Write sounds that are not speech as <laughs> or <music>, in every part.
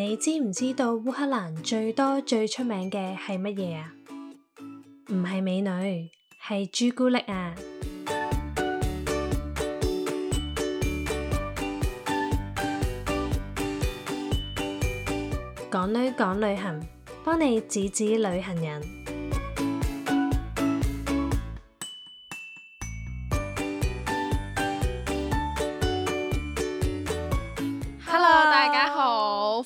你知唔知道烏克蘭最多最出名嘅係乜嘢啊？唔係美女，係朱古力啊！港女講旅行，幫你指指旅行人。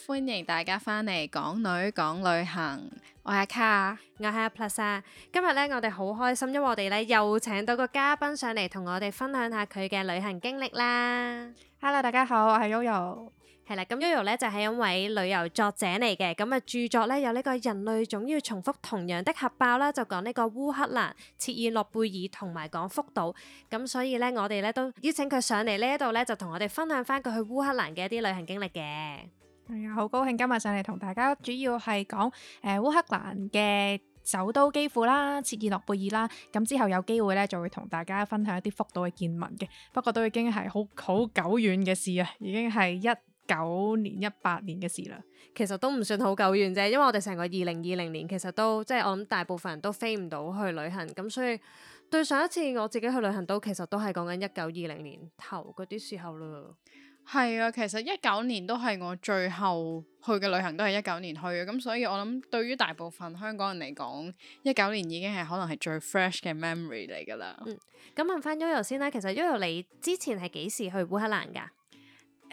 歡迎大家翻嚟《港女講旅行》，我卡，我係卡，我係阿 Plus 啊！今日咧，我哋好開心，因為我哋咧又請到個嘉賓上嚟，同我哋分享下佢嘅旅行經歷啦。Hello，大家好，我係 Yoyo，係啦，咁 Yoyo 咧就係一位旅遊作者嚟嘅。咁啊著作咧有呢個人類總要重複同樣的核爆啦，就講呢個烏克蘭、切爾諾貝爾同埋講福島，咁所以咧我哋咧都邀請佢上嚟呢一度咧，就同我哋分享翻佢去烏克蘭嘅一啲旅行經歷嘅。係啊，好、嗯、高興今日上嚟同大家主要係講誒烏克蘭嘅首都基輔啦，切爾諾貝爾啦，咁之後有機會咧就會同大家分享一啲福島嘅見聞嘅。不過都已經係好好久遠嘅事啊，已經係一九年、一八年嘅事啦。其實都唔算好久遠啫，因為我哋成個二零二零年其實都即係、就是、我諗大部分人都飛唔到去旅行，咁所以對上一次我自己去旅行都其實都係講緊一九二零年頭嗰啲時候啦。係啊，其實一九年都係我最後去嘅旅行，都係一九年去嘅，咁所以我諗對於大部分香港人嚟講，一九年已經係可能係最 fresh 嘅 memory 嚟噶啦。嗯，咁問翻 Yoyo 先啦，其實 Yoyo 你之前係幾時去烏克蘭噶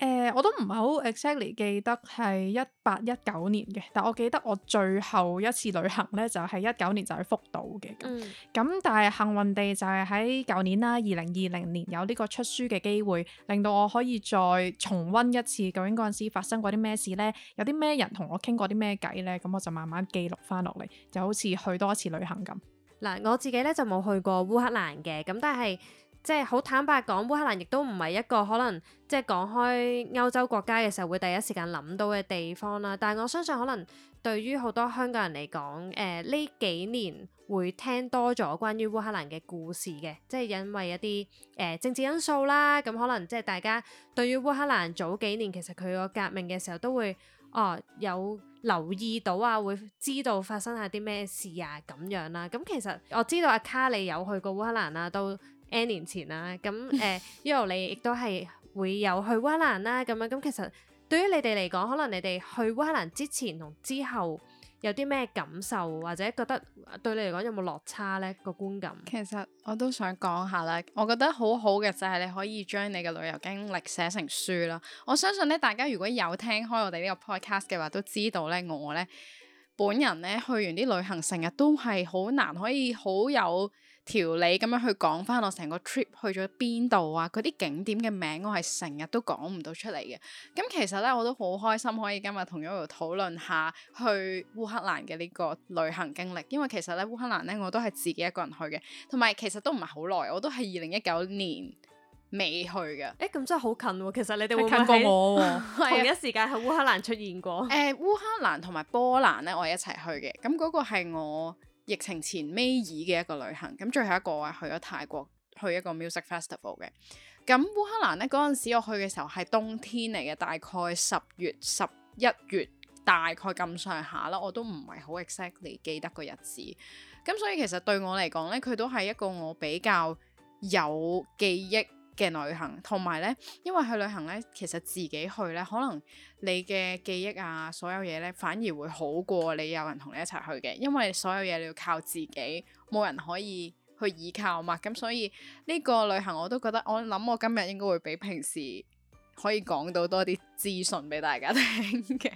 誒、呃，我都唔係好 exactly 記得係一八一九年嘅，但我記得我最後一次旅行呢就係一九年就去福島嘅。嗯，咁但係幸運地就係喺舊年啦，二零二零年有呢個出書嘅機會，令到我可以再重溫一次究竟嗰陣時發生過啲咩事呢？有啲咩人同我傾過啲咩偈呢？咁我就慢慢記錄翻落嚟，就好似去多一次旅行咁。嗱，我自己呢就冇去過烏克蘭嘅，咁但係。即係好坦白講，烏克蘭亦都唔係一個可能即係講開歐洲國家嘅時候會第一時間諗到嘅地方啦。但係我相信可能對於好多香港人嚟講，誒、呃、呢幾年會聽多咗關於烏克蘭嘅故事嘅，即係因為一啲誒、呃、政治因素啦。咁、嗯、可能即係大家對於烏克蘭早幾年其實佢個革命嘅時候都會哦、呃、有留意到啊，會知道發生下啲咩事啊咁樣啦、啊。咁、嗯、其實我知道阿卡利有去過烏克蘭啊，都。N 年前啦、啊，咁誒，呃、 <laughs> 因為你亦都係會有去烏克蘭啦、啊，咁樣，咁其實對於你哋嚟講，可能你哋去烏克蘭之前同之後有啲咩感受，或者覺得對你嚟講有冇落差咧個觀感？其實我都想講下啦，我覺得好好嘅就係你可以將你嘅旅遊經歷寫成書啦。我相信咧，大家如果有聽開我哋呢個 podcast 嘅話，都知道咧我咧本人咧去完啲旅行，成日都係好難可以好有條理咁樣去講翻我成個 trip 去咗邊度啊？嗰啲景點嘅名我係成日都講唔到出嚟嘅。咁、嗯、其實咧我都好開心可以今日同 Yoyo 討論下去烏克蘭嘅呢個旅行經歷，因為其實咧烏克蘭咧我都係自己一個人去嘅，同埋其實都唔係好耐，我都係二零一九年未去嘅。誒咁、欸、真係好近喎、啊，其實你哋會近過我、啊？ <laughs> 同一時間喺烏克蘭出現過？誒、 <laughs> 呃、烏克蘭同埋波蘭咧，我一齊去嘅。咁、嗯、嗰、那個係我，疫情前尾已嘅一個旅行，咁最後一個係去咗泰國，去一個 music festival 嘅。咁烏克蘭呢嗰陣時，我去嘅時候係冬天嚟嘅，大概十月十一月，大概咁上下啦，我都唔係好 exactly 記得個日子。咁所以其實對我嚟講呢，佢都係一個我比較有記憶嘅旅行，同埋呢，因為去旅行呢，其實自己去呢，可能你嘅記憶啊，所有嘢呢，反而會好過你有人同你一齊去嘅，因為所有嘢你要靠自己，冇人可以去倚靠嘛。咁所以呢個旅行我都覺得，我諗我今日應該會比平時可以講到多啲資訊俾大家聽嘅。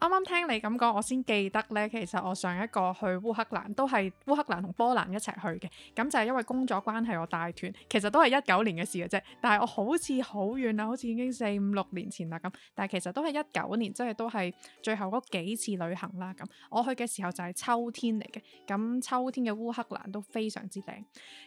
啱啱聽你咁講，我先記得呢。其實我上一個去烏克蘭都係烏克蘭同波蘭一齊去嘅，咁就係因為工作關係我帶團，其實都係一九年嘅事嘅啫。但係我好似好遠啦，好似已經四五六年前啦咁。但係其實都係一九年，即係都係最後嗰幾次旅行啦咁。我去嘅時候就係秋天嚟嘅，咁秋天嘅烏克蘭都非常之靚。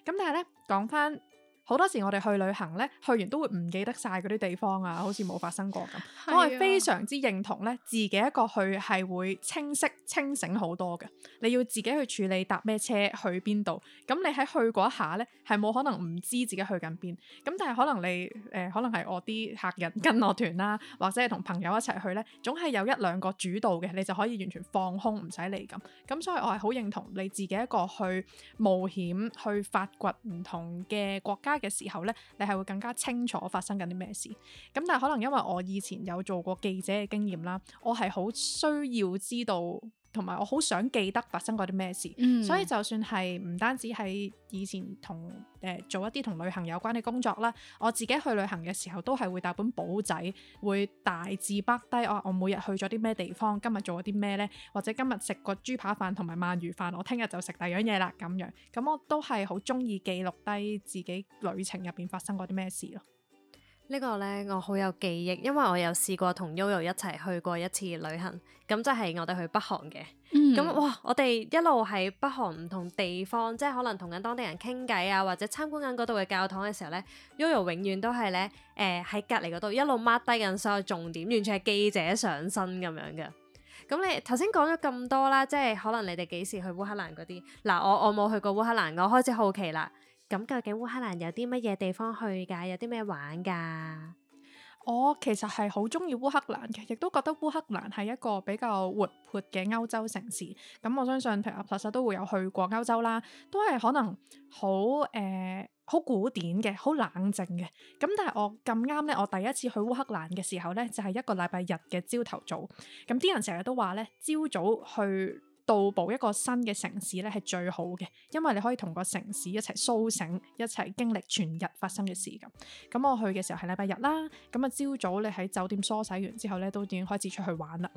咁但係呢，講翻。好多時我哋去旅行咧，去完都會唔記得晒嗰啲地方啊，好似冇發生過咁。啊、我係非常之認同咧，自己一個去係會清晰清醒好多嘅。你要自己去處理搭咩車去邊度，咁你喺去嗰一下咧，係冇可能唔知自己去緊邊。咁但係可能你誒、呃，可能係我啲客人跟我團啦、啊，或者係同朋友一齊去咧，總係有一兩個主導嘅，你就可以完全放空，唔使理咁。咁所以我係好認同你自己一個去冒險去發掘唔同嘅國家。嘅時候咧，你係會更加清楚發生緊啲咩事。咁但係可能因為我以前有做過記者嘅經驗啦，我係好需要知道。同埋我好想記得發生過啲咩事，嗯、所以就算係唔單止喺以前同誒、呃、做一啲同旅行有關嘅工作啦，我自己去旅行嘅時候都係會帶本簿仔，會大致筆低我、哦、我每日去咗啲咩地方，今日做咗啲咩呢？或者今日食個豬扒飯同埋鰻魚飯，我聽日就食第二樣嘢啦咁樣。咁我都係好中意記錄低自己旅程入邊發生過啲咩事咯。個呢個咧我好有記憶，因為我有試過同 Yoyo 一齊去過一次旅行，咁即係我哋去北韓嘅。咁、嗯、哇，我哋一路喺北韓唔同地方，即係可能同緊當地人傾偈啊，或者參觀緊嗰度嘅教堂嘅時候咧，Yoyo <music> 永遠都係咧誒喺隔離嗰度一路 mark 低緊所有重點，完全係記者上身咁樣嘅。咁你頭先講咗咁多啦，即係可能你哋幾時去烏克蘭嗰啲？嗱，我我冇去過烏克蘭，我開始好奇啦。咁究竟烏克蘭有啲乜嘢地方去㗎？有啲咩玩㗎？我其實係好中意烏克蘭嘅，亦都覺得烏克蘭係一個比較活潑嘅歐洲城市。咁我相信，譬如阿塔莎都會有去過歐洲啦，都係可能好誒，好、呃、古典嘅，好冷靜嘅。咁但係我咁啱咧，我第一次去烏克蘭嘅時候咧，就係、是、一個禮拜日嘅朝頭早。咁啲人成日都話咧，朝早去。到步一個新嘅城市咧，係最好嘅，因為你可以同個城市一齊甦醒，一齊經歷全日發生嘅事咁。咁我去嘅時候係禮拜日啦，咁啊朝早你喺酒店梳洗完之後咧，都已經開始出去玩啦。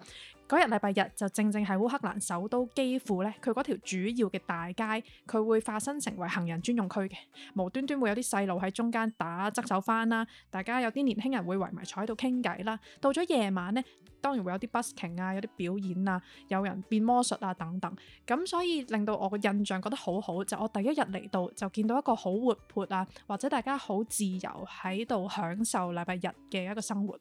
嗰日禮拜日就正正係烏克蘭首都基輔咧，佢嗰條主要嘅大街，佢會化身成為行人專用區嘅，無端端會有啲細路喺中間打側手翻啦，大家有啲年輕人會圍埋坐喺度傾偈啦，到咗夜晚呢，當然會有啲 busking 啊，有啲表演啊，有人變魔術啊等等，咁所以令到我嘅印象覺得好好，就我第一日嚟到就見到一個好活潑啊，或者大家好自由喺度享受禮拜日嘅一個生活。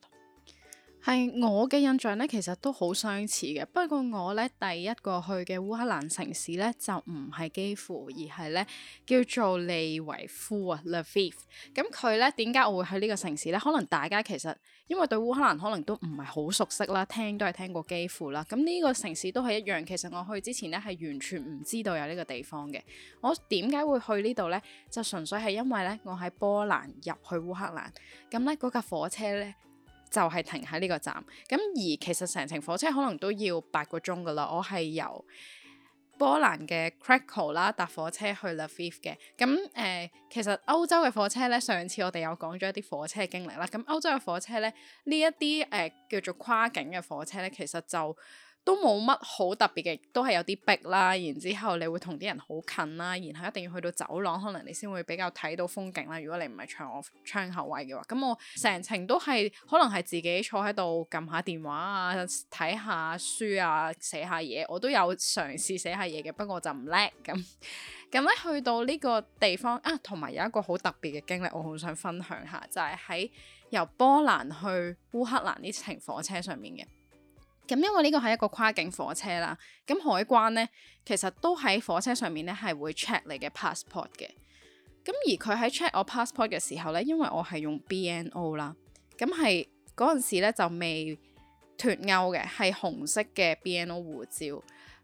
係我嘅印象咧，其實都好相似嘅。不過我咧第一個去嘅烏克蘭城市咧就唔係基輔，而係咧叫做利維夫啊，Lviv。咁佢咧點解我會去呢個城市咧？可能大家其實因為對烏克蘭可能都唔係好熟悉啦，聽都係聽過基輔啦。咁呢個城市都係一樣。其實我去之前咧係完全唔知道有呢個地方嘅。我點解會去呢度咧？就純粹係因為咧我喺波蘭入去烏克蘭，咁咧嗰架火車咧。就係停喺呢個站，咁而其實成程火車可能都要八個鐘噶啦。我係由波蘭嘅 Krakow 啦搭火車去 Lviv 嘅，咁誒、呃、其實歐洲嘅火車咧，上次我哋有講咗一啲火車經歷啦。咁歐洲嘅火車咧，呢一啲誒、呃、叫做跨境嘅火車咧，其實就～都冇乜好特別嘅，都係有啲逼啦。然之後你會同啲人好近啦，然後一定要去到走廊，可能你先會比較睇到風景啦。如果你唔係坐窗口位嘅話，咁我成程都係可能係自己坐喺度撳下電話啊，睇下書啊，寫下嘢。我都有嘗試寫下嘢嘅，不過就唔叻咁。咁咧、嗯、去到呢個地方啊，同埋有一個好特別嘅經歷，我好想分享下，就係、係、喺由波蘭去烏克蘭呢程火車上面嘅。咁因為呢個係一個跨境火車啦，咁海關呢，其實都喺火車上面呢，係會 check 你嘅 passport 嘅。咁而佢喺 check 我 passport 嘅時候呢，因為我係用 BNO 啦，咁係嗰陣時呢就未脱歐嘅，係紅色嘅 BNO 護照。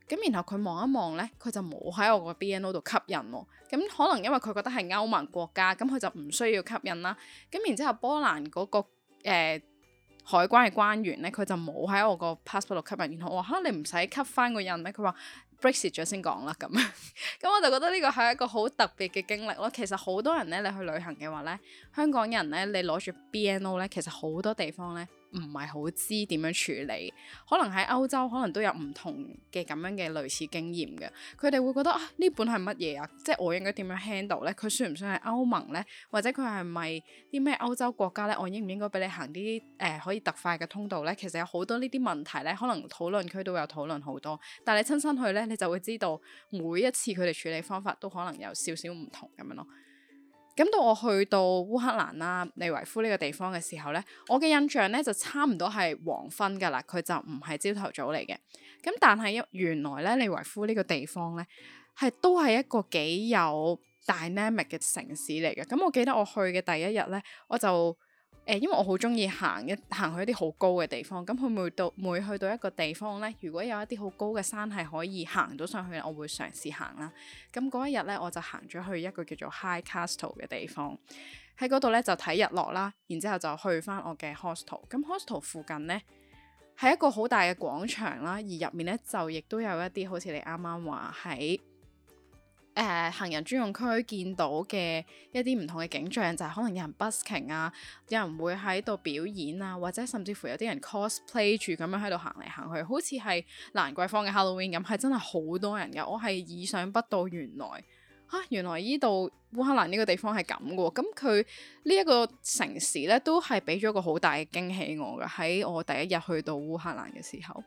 咁然後佢望一望呢，佢就冇喺我個 BNO 度吸引喎、喔。咁可能因為佢覺得係歐盟國家，咁佢就唔需要吸引啦。咁然之後波蘭嗰、那個、呃海關嘅關員咧，佢就冇喺我個 passport 度扱印，然後我話吓你唔使扱返個印咩？佢話 brexit 咗先講啦咁，咁、 <laughs> 嗯、我就覺得呢個係一個好特別嘅經歷咯。其實好多人咧，你去旅行嘅話咧，香港人咧，你攞住 BNO 咧，其實好多地方咧。唔係好知點樣處理，可能喺歐洲可能都有唔同嘅咁樣嘅類似經驗嘅，佢哋會覺得呢本係乜嘢啊？即係我應該點樣 handle 咧？佢算唔算係歐盟呢？或者佢係咪啲咩歐洲國家呢？我應唔應該俾你行啲誒、呃、可以特快嘅通道呢？其實有好多呢啲問題呢，可能討論區都有討論好多，但係你親身去呢，你就會知道每一次佢哋處理方法都可能有少少唔同咁樣咯。咁到我去到烏克蘭啦、啊，利維夫呢個地方嘅時候咧，我嘅印象咧就差唔多係黃昏噶啦，佢就唔係朝頭早嚟嘅。咁但係一原來咧，利維夫呢個地方咧，係都係一個幾有 dynamic 嘅城市嚟嘅。咁我記得我去嘅第一日咧，我就。誒、欸，因為我好中意行一行去一啲好高嘅地方。咁佢每到每去到一個地方呢，如果有一啲好高嘅山係可以行到上去，我會嘗試行啦。咁嗰一日呢，我就行咗去一個叫做 High Castle 嘅地方，喺嗰度呢，就睇日落啦。然之後就去翻我嘅 hostel。咁 hostel 附近呢，係一個好大嘅廣場啦，而入面呢，就亦都有一啲好似你啱啱話喺。誒、呃、行人專用區見到嘅一啲唔同嘅景象，就係、是、可能有人 busking 啊，有人會喺度表演啊，或者甚至乎有啲人 cosplay 住咁樣喺度行嚟行去，好似係蘭桂坊嘅 Halloween 咁，係真係好多人嘅。我係意想不到，原來啊，原來依度烏克蘭呢個地方係咁嘅喎。咁佢呢一個城市呢，都係俾咗個好大嘅驚喜我嘅。喺我第一日去到烏克蘭嘅時候。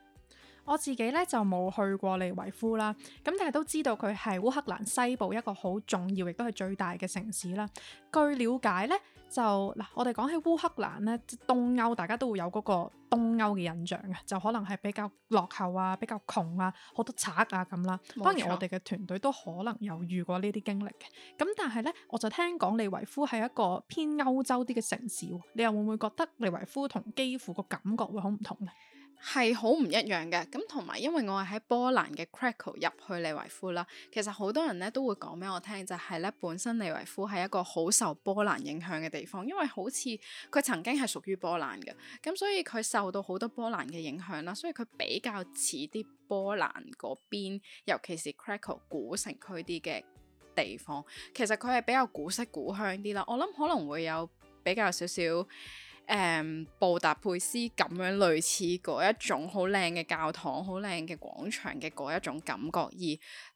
我自己咧就冇去過利維夫啦，咁但係都知道佢係烏克蘭西部一個好重要，亦都係最大嘅城市啦。據了解呢，就嗱我哋講起烏克蘭呢，東歐大家都會有嗰個東歐嘅印象嘅，就可能係比較落後啊，比較窮啊，好多賊啊咁啦。當然我哋嘅團隊都可能有遇過呢啲經歷嘅。咁但係呢，我就聽講利維夫係一個偏歐洲啲嘅城市，你又會唔會覺得利維夫同基輔個感覺會好唔同呢？係好唔一樣嘅，咁同埋因為我係喺波蘭嘅 Krakow 入去利維夫啦，其實好多人咧都會講俾我聽，就係、是、咧本身利維夫係一個好受波蘭影響嘅地方，因為好似佢曾經係屬於波蘭嘅，咁所以佢受到好多波蘭嘅影響啦，所以佢比較似啲波蘭嗰邊，尤其是 Krakow 古城區啲嘅地方，其實佢係比較古色古香啲啦，我諗可能會有比較少少。誒、um, 布達佩斯咁樣類似嗰一種好靚嘅教堂、好靚嘅廣場嘅嗰一種感覺，而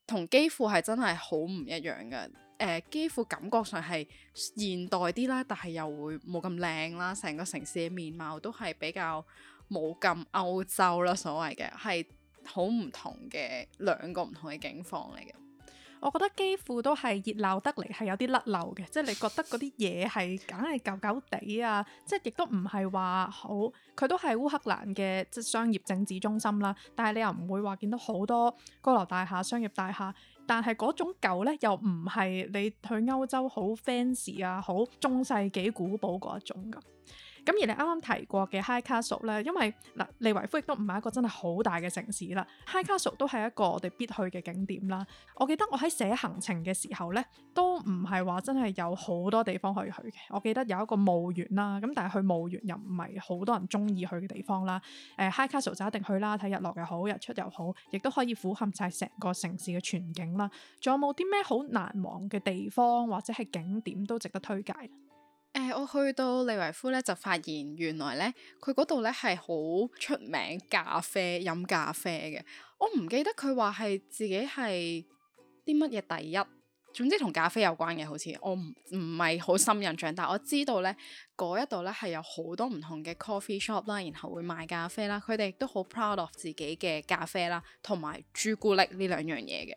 同基輔係真係好唔一樣嘅。誒，基輔感覺上係現代啲啦，但係又會冇咁靚啦，成個城市嘅面貌都係比較冇咁歐洲啦，所謂嘅係好唔同嘅兩個唔同嘅景況嚟嘅。我覺得幾乎都係熱鬧得嚟，係有啲甩漏嘅，即係你覺得嗰啲嘢係梗係舊舊地啊，即係亦都唔係話好，佢都係烏克蘭嘅即商業政治中心啦，但係你又唔會話見到好多高樓大廈、商業大廈，但係嗰種舊呢又唔係你去歐洲好 fancy 啊，好中世紀古堡嗰一種㗎。咁而你啱啱提過嘅 High Castle 咧，因為嗱，利維夫亦都唔係一個真係好大嘅城市啦。High Castle 都係一個我哋必去嘅景點啦。我記得我喺寫行程嘅時候咧，都唔係話真係有好多地方可以去嘅。我記得有一個墓園啦，咁但係去墓園又唔係好多人中意去嘅地方啦。誒，呃，High Castle 就一定去啦，睇日落又好，日出又好，亦都可以俯瞰晒成個城市嘅全景啦。仲有冇啲咩好難忘嘅地方或者係景點都值得推介？誒、欸，我去到利維夫咧，就發現原來咧，佢嗰度咧係好出名咖啡，飲咖啡嘅。我唔記得佢話係自己係啲乜嘢第一，總之同咖啡有關嘅，好似我唔唔係好深印象。但係我知道咧，嗰一度咧係有好多唔同嘅 coffee shop 啦，然後會賣咖啡啦，佢哋都好 proud of 自己嘅咖啡啦，同埋朱古力呢兩樣嘢嘅。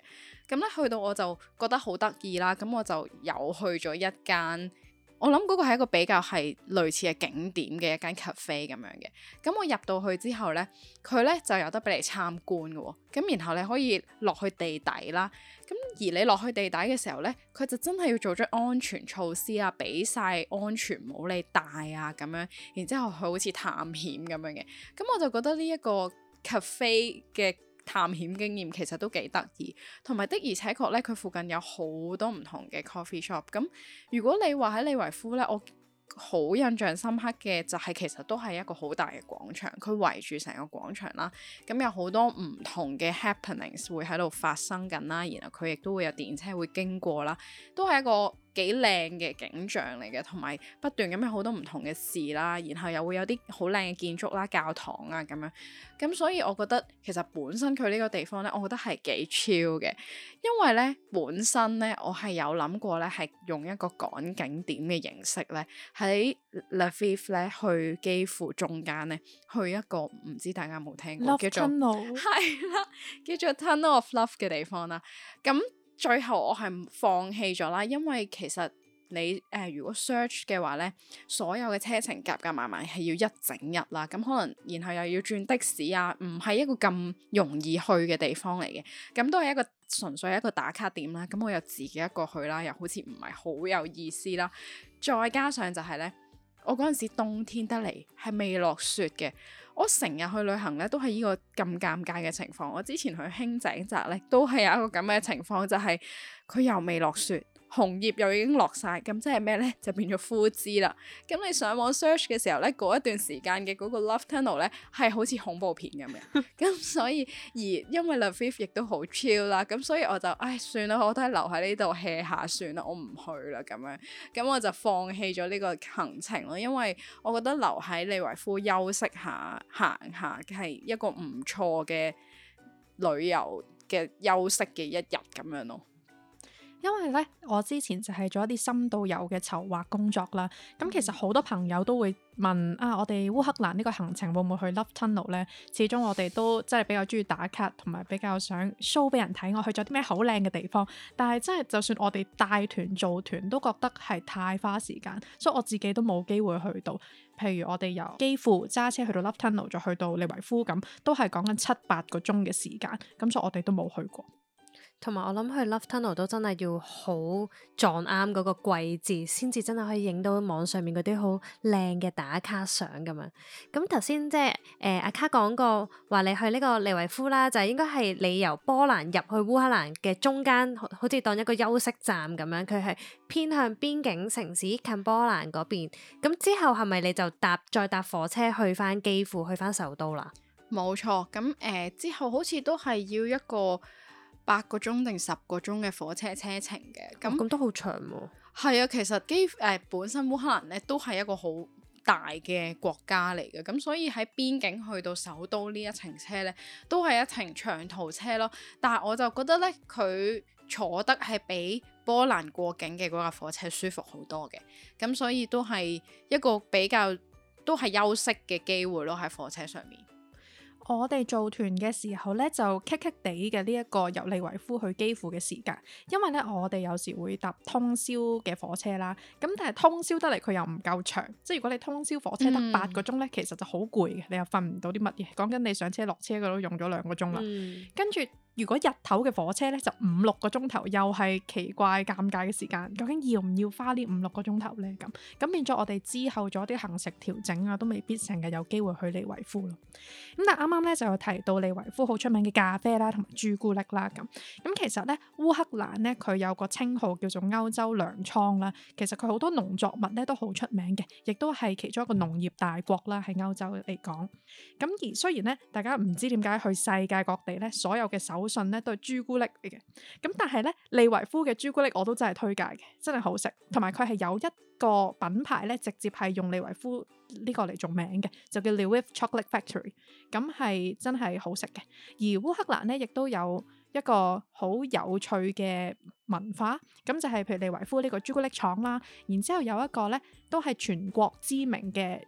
咁咧去到我就覺得好得意啦，咁我就有去咗一間。我諗嗰個係一個比較係類似嘅景點嘅一間 cafe 咁樣嘅，咁我入到去之後呢，佢呢就有得俾你參觀嘅喎，咁然後你可以落去地底啦，咁而你落去地底嘅時候呢，佢就真係要做咗安全措施啊，俾晒安全帽你戴啊咁樣，然之後佢好似探險咁樣嘅，咁我就覺得呢一個 cafe 嘅探險經驗其實都幾得意，同埋的而且確咧，佢附近有好多唔同嘅 coffee shop。咁如果你話喺利維夫咧，我好印象深刻嘅就係其實都係一個好大嘅廣場，佢圍住成個廣場啦，咁有好多唔同嘅 happenings 會喺度發生緊啦，然後佢亦都會有電車會經過啦，都係一個。幾靚嘅景象嚟嘅，同埋不斷咁有好多唔同嘅事啦，然後又會有啲好靚嘅建築啦、教堂啊咁樣，咁所以我覺得其實本身佢呢個地方咧，我覺得係幾 chill 嘅。因為咧本身咧我係有諗過咧，係用一個趕景點嘅形式咧喺 Lviv 咧去幾乎中間咧去一個唔知大家有冇聽過 Love 叫做係啦，Tun nel. <laughs> 叫做 Tunnel of Love 嘅地方啦，咁。最後我係放棄咗啦，因為其實你誒、呃、如果 search 嘅話呢，所有嘅車程夾夾埋埋係要一整日啦，咁可能然後又要轉的士啊，唔係一個咁容易去嘅地方嚟嘅，咁都係一個純粹係一個打卡點啦，咁我又自己一個去啦，又好似唔係好有意思啦，再加上就係呢，我嗰陣時冬天得嚟係未落雪嘅。我成日去旅行咧，都係呢個咁尷尬嘅情況。我之前去輕井澤咧，都係有一個咁嘅情況，就係、是、佢又未落雪。紅葉又已經落晒，咁即係咩呢？就變咗枯枝啦。咁你上網 search 嘅時候，呢嗰一段時間嘅嗰個 Love Tunnel 咧，係好似恐怖片咁樣。咁 <laughs> 所以而因為 Lviv 亦都好 chill 啦，咁所以我就唉，算啦，我都係留喺呢度歇下算啦，我唔去啦咁樣。咁我就放棄咗呢個行程咯，因為我覺得留喺利維夫休息下行下係一個唔錯嘅旅遊嘅休息嘅一日咁樣咯。因為呢，我之前就係做一啲深度遊嘅籌劃工作啦。咁其實好多朋友都會問啊，我哋烏克蘭呢個行程會唔會去 Love Tunnel 呢？始終我哋都真係比較中意打卡，同埋比較想 show 俾人睇我去咗啲咩好靚嘅地方。但係真係就算我哋帶團做團，都覺得係太花時間，所以我自己都冇機會去到。譬如我哋由基輔揸車去到 Love Tunnel，再去到利維夫咁，都係講緊七八個鐘嘅時，時間。咁所以我哋都冇去過。同埋，我諗去 Love Tunnel 都真係要好撞啱嗰個季節，先至真係可以影到網上面嗰啲好靚嘅打卡相咁樣。咁頭先即係誒，阿、呃、卡講過話，你去呢個利維夫啦，就係應該係你由波蘭入去烏克蘭嘅中間，好似當一個休息站咁樣。佢係偏向邊境城市近波蘭嗰邊。咁、嗯、之後係咪你就搭再搭火車去翻基輔，去翻首都啦？冇錯，咁誒、呃、之後好似都係要一個。八個鐘定十個鐘嘅火車車程嘅，咁都好長喎、啊。係啊，其實基誒、呃、本身烏克蘭咧都係一個好大嘅國家嚟嘅，咁所以喺邊境去到首都呢一程車咧，都係一程長途車咯。但係我就覺得咧，佢坐得係比波蘭過境嘅嗰架火車舒服好多嘅，咁所以都係一個比較都係休息嘅機會咯，喺火車上面。我哋做團嘅時候呢，就棘棘地嘅呢一個由利維夫去基輔嘅時間，因為呢，我哋有時會搭通宵嘅火車啦，咁但係通宵得嚟佢又唔夠長，即係如果你通宵火車得八個鐘呢，嗯、其實就好攰嘅，你又瞓唔到啲乜嘢，講緊你上車落車佢都用咗兩個鐘啦，嗯、跟住。如果日頭嘅火車咧就五六個鐘頭，又係奇怪尷尬嘅時間，究竟要唔要花呢五六個鐘頭呢？咁咁變咗我哋之後做啲行程調整啊，都未必成日有機會去利維夫咯。咁但啱啱咧就有提到利維夫好出名嘅咖啡啦，同埋朱古力啦，咁咁其實呢，烏克蘭呢，佢有個稱號叫做歐洲糧倉啦，其實佢好多農作物咧都好出名嘅，亦都係其中一個農業大國啦喺歐洲嚟講。咁而雖然呢，大家唔知點解去世界各地呢，所有嘅首。好信咧，對朱古力嚟嘅。咁但係咧，利維夫嘅朱古力我都真係推介嘅，真係好食。同埋佢係有一個品牌咧，直接係用利維夫呢個嚟做名嘅，就叫 Lviv Chocolate Factory。咁係真係好食嘅。而烏克蘭咧，亦都有一個好有趣嘅文化，咁就係譬如利維夫呢個朱古力廠啦。然之後有一個咧，都係全國知名嘅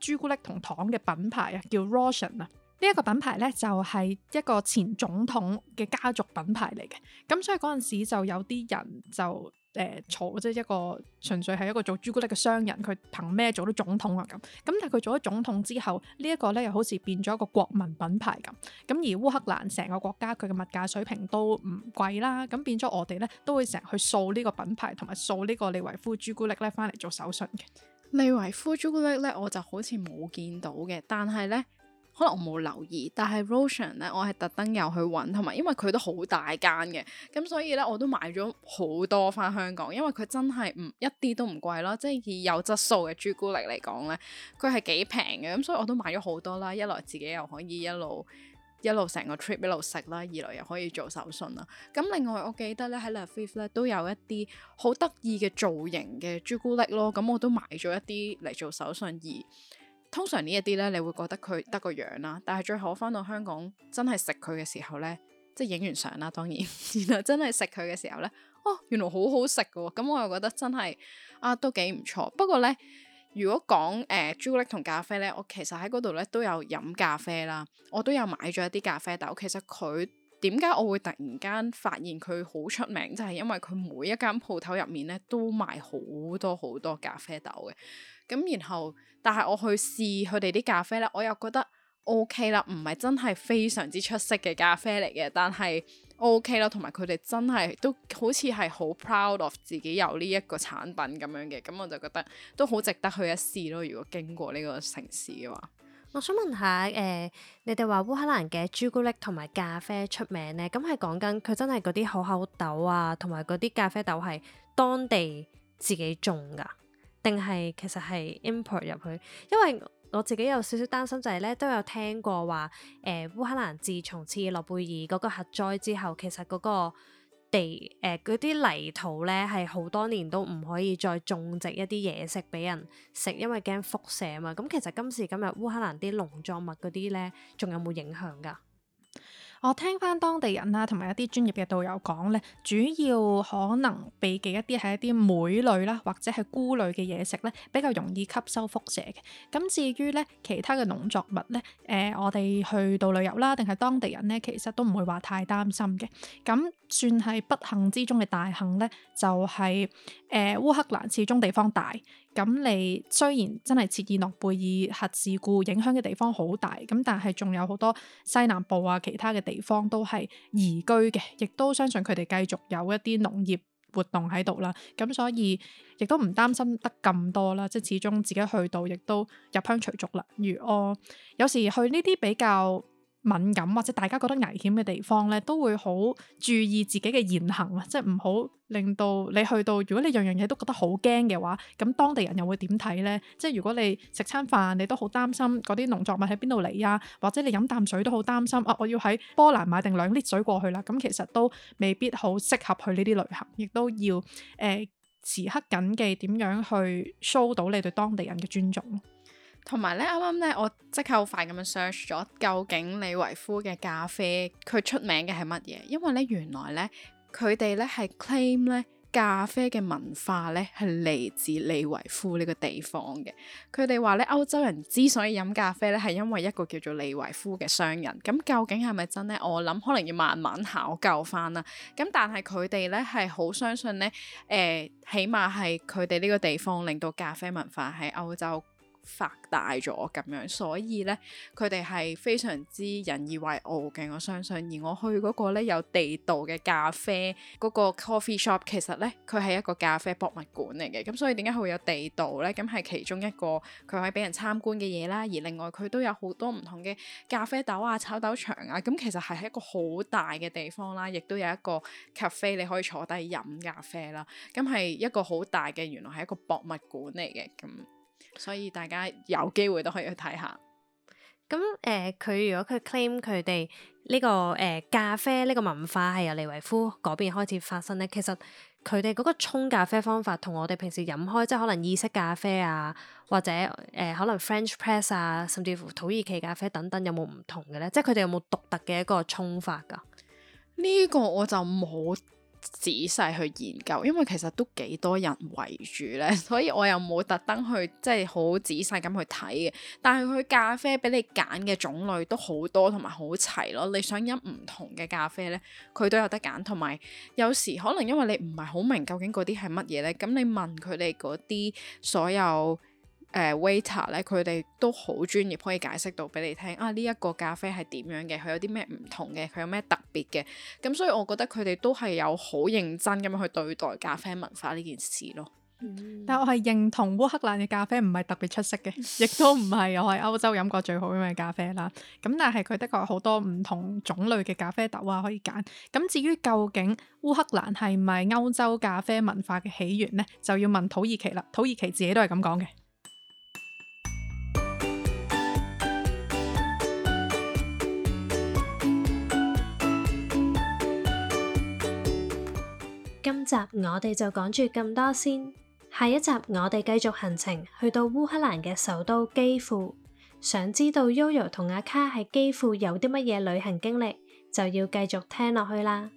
朱古力同糖嘅品牌啊，叫 Roshen 啊。呢一個品牌呢，就係、是、一個前總統嘅家族品牌嚟嘅，咁所以嗰陣時就有啲人就誒、呃、坐即係一個純粹係一個做朱古力嘅商人，佢憑咩做到總統啊？咁咁但係佢做咗總統之後，呢、這、一個呢又好似變咗一個國民品牌咁。咁而烏克蘭成個國家佢嘅物價水平都唔貴啦，咁變咗我哋呢，都會成日去掃呢個品牌同埋掃呢個利維夫朱古力呢返嚟做手信嘅。利維夫朱古力呢，我就好似冇見到嘅，但係呢。可能我冇留意，但係 Rocher 咧，我係特登又去揾，同埋因為佢都好大間嘅，咁所以呢，我都買咗好多翻香港，因為佢真係唔一啲都唔貴咯，即係以有質素嘅朱古力嚟講呢，佢係幾平嘅，咁所以我都買咗好多啦，一來自己又可以一路一路成個 trip 一路食啦，二來又可以做手信啦。咁另外我記得呢喺 Lviv 咧都有一啲好得意嘅造型嘅朱古力咯，咁我都買咗一啲嚟做手信而。通常呢一啲咧，你會覺得佢得個樣啦，但係最後翻到香港真係食佢嘅時候咧，即係影完相啦，當然，然後真係食佢嘅時候咧，哦，原來好好食嘅喎，咁我又覺得真係啊，都幾唔錯。不過咧，如果講誒、呃、朱古力同咖啡咧，我其實喺嗰度咧都有飲咖啡啦，我都有買咗一啲咖啡豆。其實佢點解我會突然間發現佢好出名，就係、是、因為佢每一間鋪頭入面咧都賣好多好多，多咖啡豆嘅。咁然後，但係我去試佢哋啲咖啡咧，我又覺得 OK 啦，唔係真係非常之出色嘅咖啡嚟嘅，但係 OK 啦。同埋佢哋真係都好似係好 proud of 自己有呢一個產品咁樣嘅。咁我就覺得都好值得去一試咯。如果經過呢個城市嘅話，我想問下誒、呃，你哋話烏克蘭嘅朱古力同埋咖啡出名呢？咁係講緊佢真係嗰啲可可豆啊，同埋嗰啲咖啡豆係當地自己種噶。定係其實係 import 入去？因為我自己有少少擔心就係咧，都有聽過話，誒、呃、烏克蘭自從切爾諾貝爾嗰個核災之後，其實嗰個地誒嗰啲泥土咧係好多年都唔可以再種植一啲嘢食俾人食，因為驚輻射啊嘛。咁、嗯、其實今時今日烏克蘭啲農作物嗰啲咧，仲有冇影響㗎？我聽翻當地人啊，同埋一啲專業嘅導遊講呢，主要可能避忌一啲係一啲莓類啦，或者係菇類嘅嘢食呢，比較容易吸收輻射嘅。咁至於呢，其他嘅農作物呢，誒、呃、我哋去到旅遊啦，定係當地人呢，其實都唔會話太擔心嘅。咁算係不幸之中嘅大幸呢，就係、是、誒、呃、烏克蘭始終地方大，咁你雖然真係切爾諾貝爾核事故影響嘅地方好大，咁但係仲有好多西南部啊，其他嘅地。地方都係移居嘅，亦都相信佢哋繼續有一啲農業活動喺度啦。咁、嗯、所以亦都唔擔心得咁多啦，即係始終自己去到亦都入鄉隨俗啦。如我、哦、有時去呢啲比較。敏感或者大家覺得危險嘅地方呢，都會好注意自己嘅言行啊！即係唔好令到你去到，如果你樣樣嘢都覺得好驚嘅話，咁當地人又會點睇呢？即係如果你食餐飯，你都好擔心嗰啲農作物喺邊度嚟啊，或者你飲啖水都好擔心啊！我要喺波蘭買定兩 L 水過去啦。咁其實都未必好適合去呢啲旅行，亦都要誒時刻緊記點樣去 show 到你對當地人嘅尊重。同埋咧，啱啱咧，我即刻好快咁樣 search 咗，究竟利維夫嘅咖啡佢出名嘅係乜嘢？因為咧，原來咧，佢哋咧係 claim 咧，咖啡嘅文化咧係嚟自利維夫呢個地方嘅。佢哋話咧，歐洲人之所以飲咖啡咧，係因為一個叫做利維夫嘅商人。咁究竟係咪真咧？我諗可能要慢慢考究翻啦。咁但係佢哋咧係好相信咧，誒、呃，起碼係佢哋呢個地方令到咖啡文化喺歐洲。發大咗咁樣，所以呢，佢哋係非常之引以為傲嘅。我相信，而我去嗰個呢有地道嘅咖啡嗰個 coffee shop，其實呢，佢係一個咖啡博物館嚟嘅。咁所以點解佢會有地道呢？咁係其中一個佢可以俾人參觀嘅嘢啦。而另外佢都有好多唔同嘅咖啡豆啊、炒豆場啊。咁其實係喺一個好大嘅地方啦，亦都有一個 cafe 你可以坐低飲咖啡啦。咁係一個好大嘅，原來係一個博物館嚟嘅咁。所以大家有機會都可以去睇下。咁誒，佢，呃、如果佢 claim 佢哋呢，這個誒、呃、咖啡呢個文化係由利維夫嗰邊開始發生咧，其實佢哋嗰個沖咖啡方法同我哋平時飲開即係可能意式咖啡啊，或者誒、呃、可能 French press 啊，甚至乎土耳其咖啡等等，有冇唔同嘅咧？即係佢哋有冇獨特嘅一個沖法㗎？呢個我就冇。仔細去研究，因為其實都幾多人圍住咧，所以我又冇特登去即係好仔細咁去睇嘅。但係佢咖啡俾你揀嘅種類都好多同埋好齊咯，你想飲唔同嘅咖啡咧，佢都有得揀。同埋有時可能因為你唔係好明究竟嗰啲係乜嘢咧，咁你問佢哋嗰啲所有，誒 waiter 咧，佢哋、uh, er, 都好專業，可以解釋到俾你聽啊。呢、這、一個咖啡係點樣嘅？佢有啲咩唔同嘅？佢有咩特別嘅？咁所以我覺得佢哋都係有好認真咁樣去對待咖啡文化呢件事咯。嗯、但我係認同烏克蘭嘅咖啡唔係特別出色嘅，亦都唔係我喺歐洲飲過最好飲嘅咖啡啦。咁但係佢的確有好多唔同種類嘅咖啡豆啊，可以揀。咁至於究竟烏克蘭係咪歐洲咖啡文化嘅起源咧，就要問土耳其啦。土耳其自己都係咁講嘅。今集我哋就講住咁多先，下一集我哋繼續行程去到烏克蘭嘅首都基輔。想知道 Yoyo 同阿卡喺基輔有啲乜嘢旅行經歷，就要繼續聽落去啦。